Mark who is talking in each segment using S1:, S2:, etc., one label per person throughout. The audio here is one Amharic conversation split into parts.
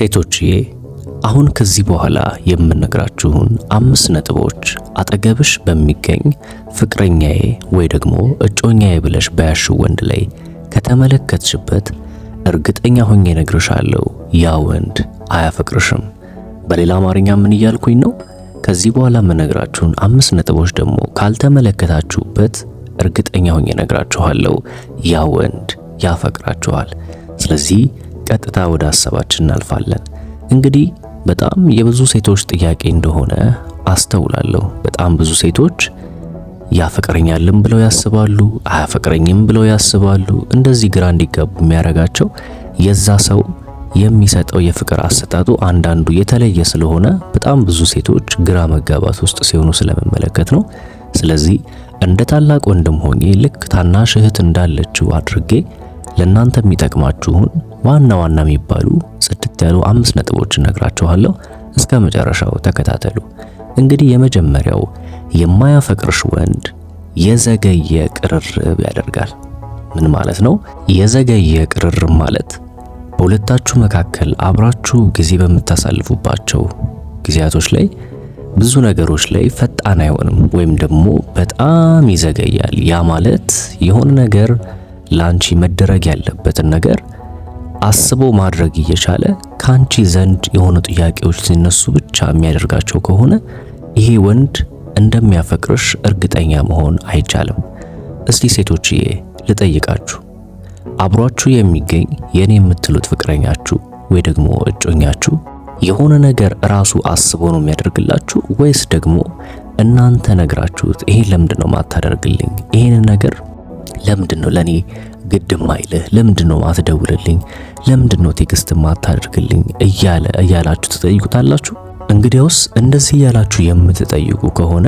S1: ሴቶችዬ አሁን ከዚህ በኋላ የምነግራችሁን አምስት ነጥቦች አጠገብሽ በሚገኝ ፍቅረኛዬ ወይ ደግሞ እጮኛዬ ብለሽ በያሽ ወንድ ላይ ከተመለከትሽበት እርግጠኛ ሆኜ ነግርሻለሁ፣ ያ ወንድ አያፈቅርሽም። በሌላ አማርኛ ምን እያልኩኝ ነው? ከዚህ በኋላ የምነግራችሁን አምስት ነጥቦች ደግሞ ካልተመለከታችሁበት እርግጠኛ ሆኜ ነግራችኋለሁ፣ ያ ወንድ ያፈቅራችኋል። ስለዚህ ቀጥታ ወደ ሐሳባችን እናልፋለን። እንግዲህ በጣም የብዙ ሴቶች ጥያቄ እንደሆነ አስተውላለሁ። በጣም ብዙ ሴቶች ያፈቅረኛልም ብለው ያስባሉ፣ አያፈቅረኝም ብለው ያስባሉ። እንደዚህ ግራ እንዲጋቡ የሚያደርጋቸው የዛ ሰው የሚሰጠው የፍቅር አሰጣጡ አንዳንዱ የተለየ ስለሆነ በጣም ብዙ ሴቶች ግራ መጋባት ውስጥ ሲሆኑ ስለመመለከት ነው። ስለዚህ እንደ ታላቅ ወንድም ሆኜ ልክ ታናሽ እህት እንዳለችው አድርጌ ለእናንተ የሚጠቅማችሁን ዋና ዋና የሚባሉ ጽድት ያሉ አምስት ነጥቦች እነግራችኋለሁ። እስከ መጨረሻው ተከታተሉ። እንግዲህ የመጀመሪያው የማያፈቅርሽ ወንድ የዘገየ ቅርርብ ያደርጋል። ምን ማለት ነው? የዘገየ ቅርርብ ማለት በሁለታችሁ መካከል አብራችሁ ጊዜ በምታሳልፉባቸው ጊዜያቶች ላይ ብዙ ነገሮች ላይ ፈጣን አይሆንም ወይም ደግሞ በጣም ይዘገያል። ያ ማለት የሆነ ነገር ላንቺ መደረግ ያለበትን ነገር አስቦ ማድረግ እየቻለ ከአንቺ ዘንድ የሆኑ ጥያቄዎች ሲነሱ ብቻ የሚያደርጋቸው ከሆነ ይሄ ወንድ እንደሚያፈቅርሽ እርግጠኛ መሆን አይቻልም። እስቲ ሴቶችዬ ልጠይቃችሁ፣ አብሯችሁ የሚገኝ የኔ የምትሉት ፍቅረኛችሁ ወይ ደግሞ እጮኛችሁ የሆነ ነገር ራሱ አስቦ ነው የሚያደርግላችሁ ወይስ ደግሞ እናንተ ነግራችሁት ይሄን ለምንድን ነው ማታደርግልኝ? ይሄንን ነገር ለምንድን ነው ለኔ ግድም አይልህ ለምንድነው ነው አትደውልልኝ፣ ለምንድን ነው ቴክስት ማታደርግልኝ እያለ እያላችሁ ትጠይቁታላችሁ። እንግዲያውስ እንደዚህ እያላችሁ የምትጠይቁ ከሆነ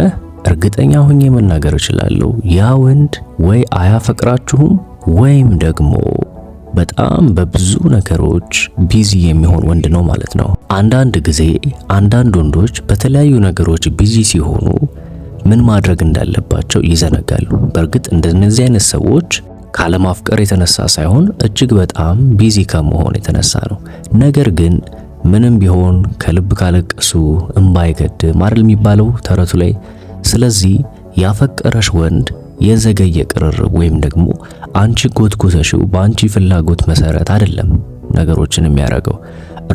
S1: እርግጠኛ ሆኜ መናገር እችላለሁ ያ ወንድ ወይ አያፈቅራችሁም ወይም ደግሞ በጣም በብዙ ነገሮች ቢዚ የሚሆን ወንድ ነው ማለት ነው። አንዳንድ ጊዜ አንዳንድ ወንዶች በተለያዩ ነገሮች ቢዚ ሲሆኑ ምን ማድረግ እንዳለባቸው ይዘነጋሉ። በእርግጥ እንደነዚህ አይነት ሰዎች ካለማፍቀር የተነሳ ሳይሆን እጅግ በጣም ቢዚ ከመሆን የተነሳ ነው። ነገር ግን ምንም ቢሆን ከልብ ካለቀሱ እምባይገድም አይደል የሚባለው ተረቱ ላይ። ስለዚህ ያፈቀረሽ ወንድ የዘገየ ቅርርብ ወይም ደግሞ አንቺ ጎትጎተሽው በአንቺ ፍላጎት መሰረት አይደለም ነገሮችን የሚያደርገው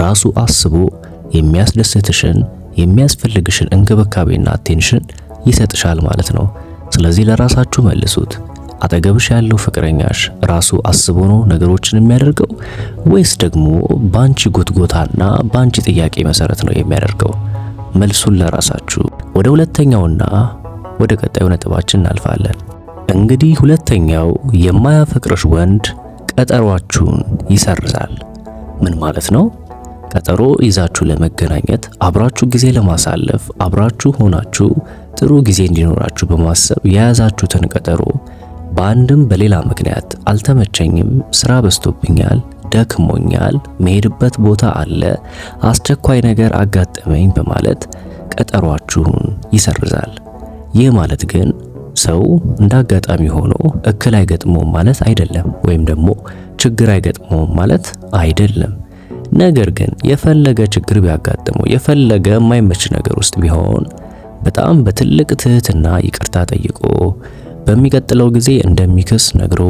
S1: ራሱ አስቦ የሚያስደስትሽን የሚያስፈልግሽን እንክብካቤና አቴንሽን ይሰጥሻል ማለት ነው። ስለዚህ ለራሳችሁ መልሱት። አጠገብሽ ያለው ፍቅረኛሽ ራሱ አስቦ ነው ነገሮችን የሚያደርገው ወይስ ደግሞ ባንቺ ጉትጎታና ባንቺ ጥያቄ መሰረት ነው የሚያደርገው? መልሱን ለራሳችሁ። ወደ ሁለተኛውና ወደ ቀጣዩ ነጥባችን እናልፋለን። እንግዲህ ሁለተኛው የማያፈቅርሽ ወንድ ቀጠሯችሁን ይሰርዛል። ምን ማለት ነው? ቀጠሮ ይዛችሁ ለመገናኘት አብራችሁ ጊዜ ለማሳለፍ አብራችሁ ሆናችሁ ጥሩ ጊዜ እንዲኖራችሁ በማሰብ የያዛችሁትን ቀጠሮ በአንድም በሌላ ምክንያት አልተመቸኝም፣ ስራ በዝቶብኛል፣ ደክሞኛል፣ መሄድበት ቦታ አለ፣ አስቸኳይ ነገር አጋጠመኝ በማለት ቀጠሯችሁን ይሰርዛል። ይህ ማለት ግን ሰው እንዳጋጣሚ ሆኖ እክል አይገጥመውም ማለት አይደለም፣ ወይም ደግሞ ችግር አይገጥመውም ማለት አይደለም። ነገር ግን የፈለገ ችግር ቢያጋጥመው የፈለገ የማይመች ነገር ውስጥ ቢሆን በጣም በትልቅ ትህትና ይቅርታ ጠይቆ በሚቀጥለው ጊዜ እንደሚክስ ነግሮ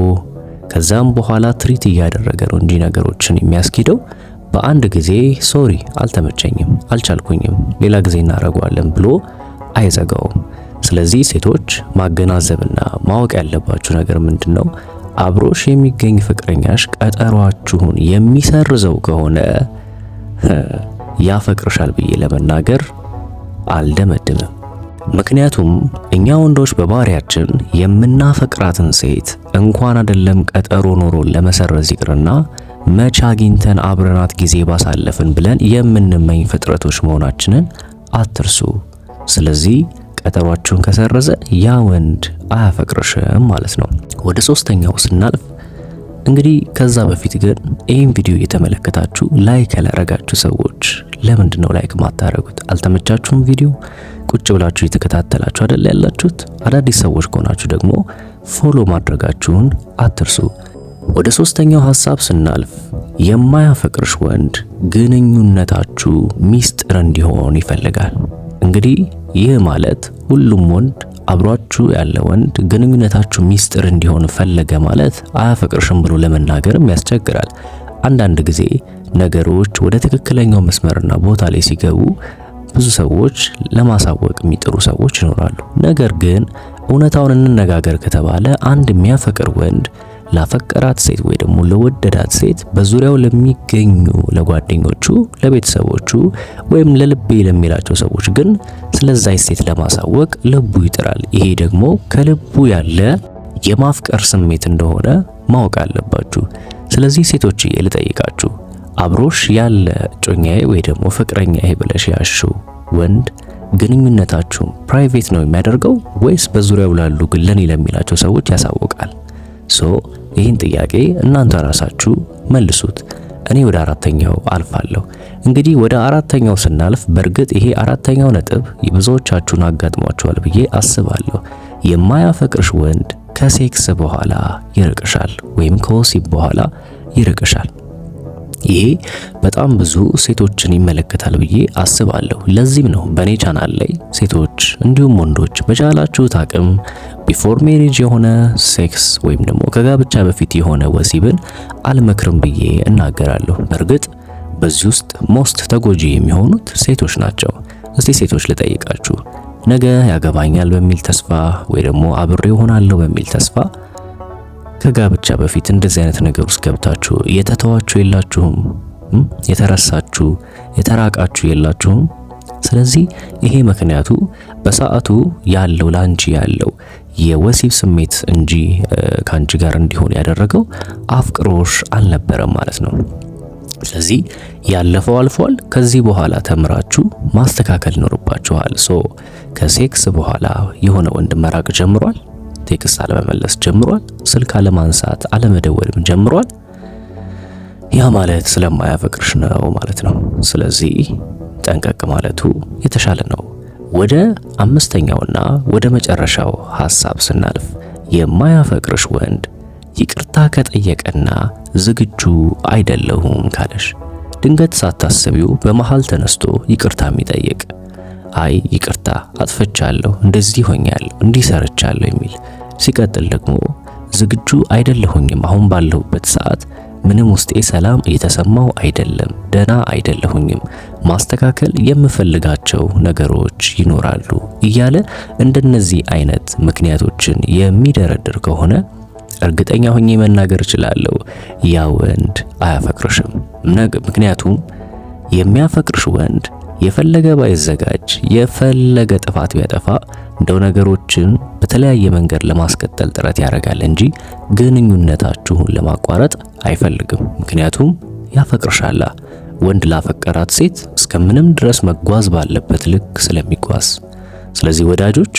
S1: ከዛም በኋላ ትሪት እያደረገ ነው እንጂ ነገሮችን የሚያስኪደው በአንድ ጊዜ ሶሪ አልተመቸኝም፣ አልቻልኩኝም፣ ሌላ ጊዜ እናደርገዋለን ብሎ አይዘጋውም። ስለዚህ ሴቶች ማገናዘብና ማወቅ ያለባችሁ ነገር ምንድን ነው? አብሮሽ የሚገኝ ፍቅረኛሽ ቀጠሯችሁን የሚሰርዘው ከሆነ ያፈቅርሻል ብዬ ለመናገር አልደመድምም። ምክንያቱም እኛ ወንዶች በባህሪያችን የምናፈቅራትን ሴት እንኳን አይደለም ቀጠሮ ኖሮን ለመሰረዝ ይቅርና መቼ አግኝተን አብረናት ጊዜ ባሳለፍን ብለን የምንመኝ ፍጥረቶች መሆናችንን አትርሱ። ስለዚህ ቀጠሯችሁን ከሰረዘ ያ ወንድ አያፈቅርሽም ማለት ነው። ወደ ሶስተኛው ስናልፍ እንግዲህ ከዛ በፊት ግን ይህን ቪዲዮ እየተመለከታችሁ ላይክ ያላረጋችሁ ሰዎች ለምንድን ነው ላይክ ማታረጉት? አልተመቻችሁም ቪዲዮ ቁጭ ብላችሁ እየተከታተላችሁ አይደል ያላችሁት። አዳዲስ ሰዎች ከሆናችሁ ደግሞ ፎሎ ማድረጋችሁን አትርሱ። ወደ ሶስተኛው ሐሳብ ስናልፍ የማያፈቅርሽ ወንድ ግንኙነታችሁ ሚስጥር እንዲሆን ይፈልጋል። እንግዲህ ይህ ማለት ሁሉም ወንድ አብሯችሁ ያለ ወንድ ግንኙነታችሁ ሚስጥር እንዲሆን ፈለገ ማለት አያፈቅርሽም ብሎ ለመናገርም ያስቸግራል። አንዳንድ ጊዜ ነገሮች ወደ ትክክለኛው መስመርና ቦታ ላይ ሲገቡ ብዙ ሰዎች ለማሳወቅ የሚጥሩ ሰዎች ይኖራሉ። ነገር ግን እውነታውን እንነጋገር ከተባለ አንድ የሚያፈቅር ወንድ ላፈቀራት ሴት ወይ ደግሞ ለወደዳት ሴት በዙሪያው ለሚገኙ ለጓደኞቹ፣ ለቤተሰቦቹ ወይም ለልቤ ለሚላቸው ሰዎች ግን ስለዛች ሴት ለማሳወቅ ልቡ ይጥራል። ይሄ ደግሞ ከልቡ ያለ የማፍቀር ስሜት እንደሆነ ማወቅ አለባችሁ። ስለዚህ ሴቶችዬ ልጠይቃችሁ አብሮሽ ያለ እጮኛዬ ወይ ደግሞ ፍቅረኛዬ ብለሽ ያሹ ወንድ ግንኙነታችሁን ፕራይቬት ነው የሚያደርገው ወይስ በዙሪያው ላሉ ግለን ለሚላቸው ሰዎች ያሳውቃል? ሶ ይህን ጥያቄ እናንተ ራሳችሁ መልሱት። እኔ ወደ አራተኛው አልፋለሁ። እንግዲህ ወደ አራተኛው ስናልፍ በእርግጥ ይሄ አራተኛው ነጥብ የብዙዎቻችሁን አጋጥሟችኋል ብዬ አስባለሁ። የማያፈቅርሽ ወንድ ከሴክስ በኋላ ይርቅሻል ወይም ከወሲብ በኋላ ይርቅሻል። ይሄ በጣም ብዙ ሴቶችን ይመለከታል ብዬ አስባለሁ። ለዚህም ነው በኔ ቻናል ላይ ሴቶች እንዲሁም ወንዶች በቻላችሁት አቅም ቢፎር ሜሪጅ የሆነ ሴክስ ወይም ደግሞ ከጋብቻ በፊት የሆነ ወሲብን አልመክርም ብዬ እናገራለሁ። በእርግጥ በዚህ ውስጥ ሞስት ተጎጂ የሚሆኑት ሴቶች ናቸው። እስቲ ሴቶች ልጠይቃችሁ፣ ነገ ያገባኛል በሚል ተስፋ ወይ ደግሞ አብሬ እሆናለሁ በሚል ተስፋ ከጋብቻ በፊት እንደዚህ አይነት ነገር ውስጥ ገብታችሁ የተተዋችሁ የላችሁም? የተረሳችሁ የተራቃችሁ የላችሁም? ስለዚህ ይሄ ምክንያቱ በሰዓቱ ያለው ላንቺ ያለው የወሲብ ስሜት እንጂ ከአንቺ ጋር እንዲሆን ያደረገው አፍቅሮሽ አልነበረም ማለት ነው። ስለዚህ ያለፈው አልፏል። ከዚህ በኋላ ተምራችሁ ማስተካከል ይኖርባችኋል። ሶ ከሴክስ በኋላ የሆነ ወንድ መራቅ ጀምሯል። ቴክስት አለመመለስ ጀምሯል። ስልክ አለማንሳት፣ አለመደወልም ጀምሯል። ያ ማለት ስለማያፈቅርሽ ነው ማለት ነው። ስለዚህ ጠንቀቅ ማለቱ የተሻለ ነው። ወደ አምስተኛውና ወደ መጨረሻው ሐሳብ ስናልፍ የማያፈቅርሽ ወንድ ይቅርታ ከጠየቀና ዝግጁ አይደለሁም ካለሽ ድንገት ሳታስቢው በመሃል ተነስቶ ይቅርታ የሚጠይቅ አይ ይቅርታ አጥፍቻለሁ፣ እንደዚህ ሆኛለሁ፣ እንዲሰርቻለሁ የሚል ሲቀጥል ደግሞ ዝግጁ አይደለሁኝም። አሁን ባለሁበት ሰዓት ምንም ውስጤ ሰላም እየተሰማው አይደለም፣ ደና አይደለሁኝም፣ ማስተካከል የምፈልጋቸው ነገሮች ይኖራሉ እያለ እንደነዚህ አይነት ምክንያቶችን የሚደረድር ከሆነ እርግጠኛ ሆኜ መናገር እችላለሁ፣ ያ ወንድ አያፈቅርሽም። ምክንያቱም የሚያፈቅርሽ ወንድ የፈለገ ባይዘጋጅ የፈለገ ጥፋት ቢያጠፋ እንደው ነገሮችን በተለያየ መንገድ ለማስቀጠል ጥረት ያደርጋል እንጂ ግንኙነታችሁን ለማቋረጥ አይፈልግም። ምክንያቱም ያፈቅርሻላ። ወንድ ላፈቀራት ሴት እስከምንም ድረስ መጓዝ ባለበት ልክ ስለሚጓዝ። ስለዚህ ወዳጆች፣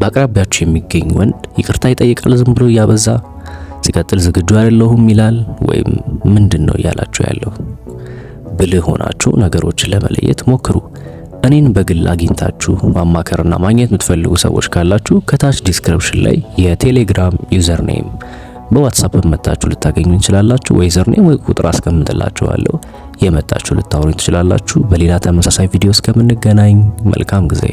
S1: በአቅራቢያችሁ የሚገኝ ወንድ ይቅርታ ይጠይቃል ዝም ብሎ እያበዛ ሲቀጥል ዝግጁ አይደለሁም ይላል ወይም ምንድን ነው እያላችሁ ያለው ብልህ ሆናችሁ ነገሮችን ለመለየት ሞክሩ። እኔን በግል አግኝታችሁ ማማከርና ማግኘት የምትፈልጉ ሰዎች ካላችሁ ከታች ዲስክሪፕሽን ላይ የቴሌግራም ዩዘር ኔም በዋትሳፕ መታችሁ ልታገኙ እንችላላችሁ። ወይ ዘር ኔም ወይ ቁጥር አስቀምጥላችኋለሁ። የመጣችሁ ልታወሩኝ ትችላላችሁ። በሌላ ተመሳሳይ ቪዲዮ እስከምንገናኝ መልካም ጊዜ